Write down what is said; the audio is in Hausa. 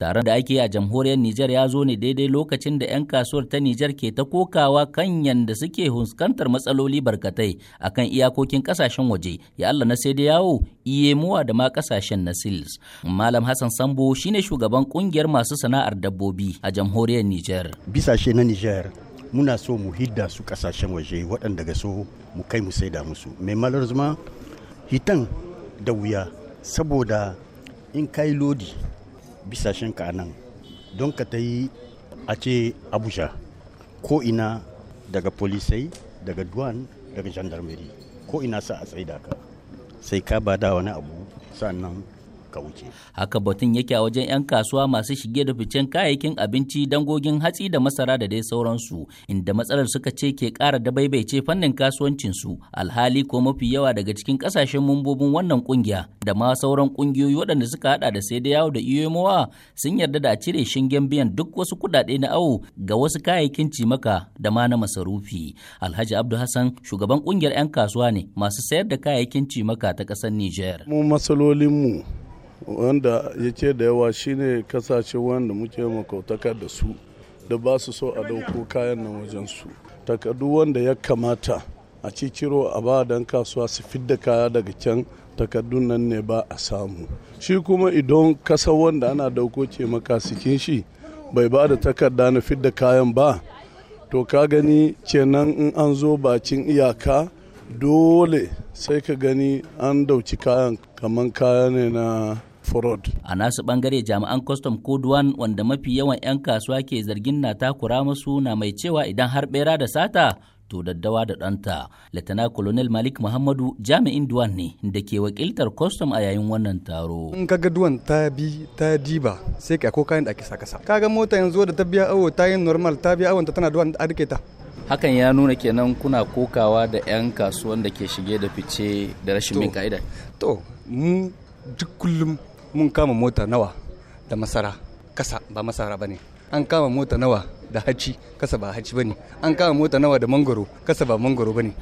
Taron da ake a jamhuriyar Nijar ya zo ne daidai lokacin da 'yan kasuwar ta Nijar ke ta kokawa kan yadda suke huskantar matsaloli barkatai a kan iyakokin kasashen waje, ya Allah na sai da yawo, muwa da ma kasashen na SILS. Malam Hassan Sambo shi ne shugaban kungiyar masu sana'ar dabbobi a jamhuriyar Nijar. Bisashe na Nijar muna so mu hidda su kasashen waje waɗanda ga so mu kai mu saida musu. Mai malar hitan da wuya saboda in kai lodi bisashenka ka nan don ka ta yi a ce abuja ko ina daga polisai daga duwan daga gendarmerie ko ina sa a tsaida ka sai ka ba da wani abu sannan ka wuce haka batun yake a wajen 'yan kasuwa masu shige da ficen kayayyakin abinci dangogin hatsi da masara da dai sauransu inda matsalar suka ce ke kara da baibaice fannin kasuwancinsu alhali ko mafi yawa daga cikin kasashen mambobin wannan ƙungiya da ma sauran ƙungiyoyi waɗanda suka haɗa da sai da yawo da sun yarda da a cire shingen biyan duk wasu kuɗaɗe na awo ga wasu kayayyakin cimaka da ma na masarufi alhaji abdu hassan shugaban ƙungiyar 'yan kasuwa ne masu sayar da kayayyakin cimaka ta ƙasar nijar. mu matsalolinmu wanda ya ce da yawa shine kasashe wanda muke makautaka da su da ba su so a dauko kayan nan wajen su takardu wanda ya kamata a ciciro a ba dan kasuwa su fidda kaya daga can takardun nan ne ba a samu shi kuma idan kasa wanda ana dauko ce makasikin shi bai ba da takarda na fidda kayan ba to ka gani kenan in an zo bakin iyaka dole sai ka gani an dauki kayan kamar kaya ne na fraud. A nasu bangare jami'an kwastam ko duwan wanda mafi yawan 'yan kasuwa ke zargin na takura musu na mai cewa idan har bera da sata to daddawa da ɗanta. Latana Colonel Malik Muhammadu jami'in duwan ne da ke wakiltar kwastam a yayin wannan taro. In ka ga duwan ta bi ta diba sai ka ko kayan da ake sa kasa. Kaga mota yanzu da ta biya awo ta yin normal ta biya awon ta tana duwan da ta. hakan ya nuna kenan kuna kokawa da 'yan kasuwan da ke shige da fice da rashin bin ka'ida to mu duk kullum mun kama mota nawa da masara kasa ba masara ba ne an kama mota nawa da haci kasa ba haci ba ne an kama mota nawa da mangoro kasa ba mangoro ba ne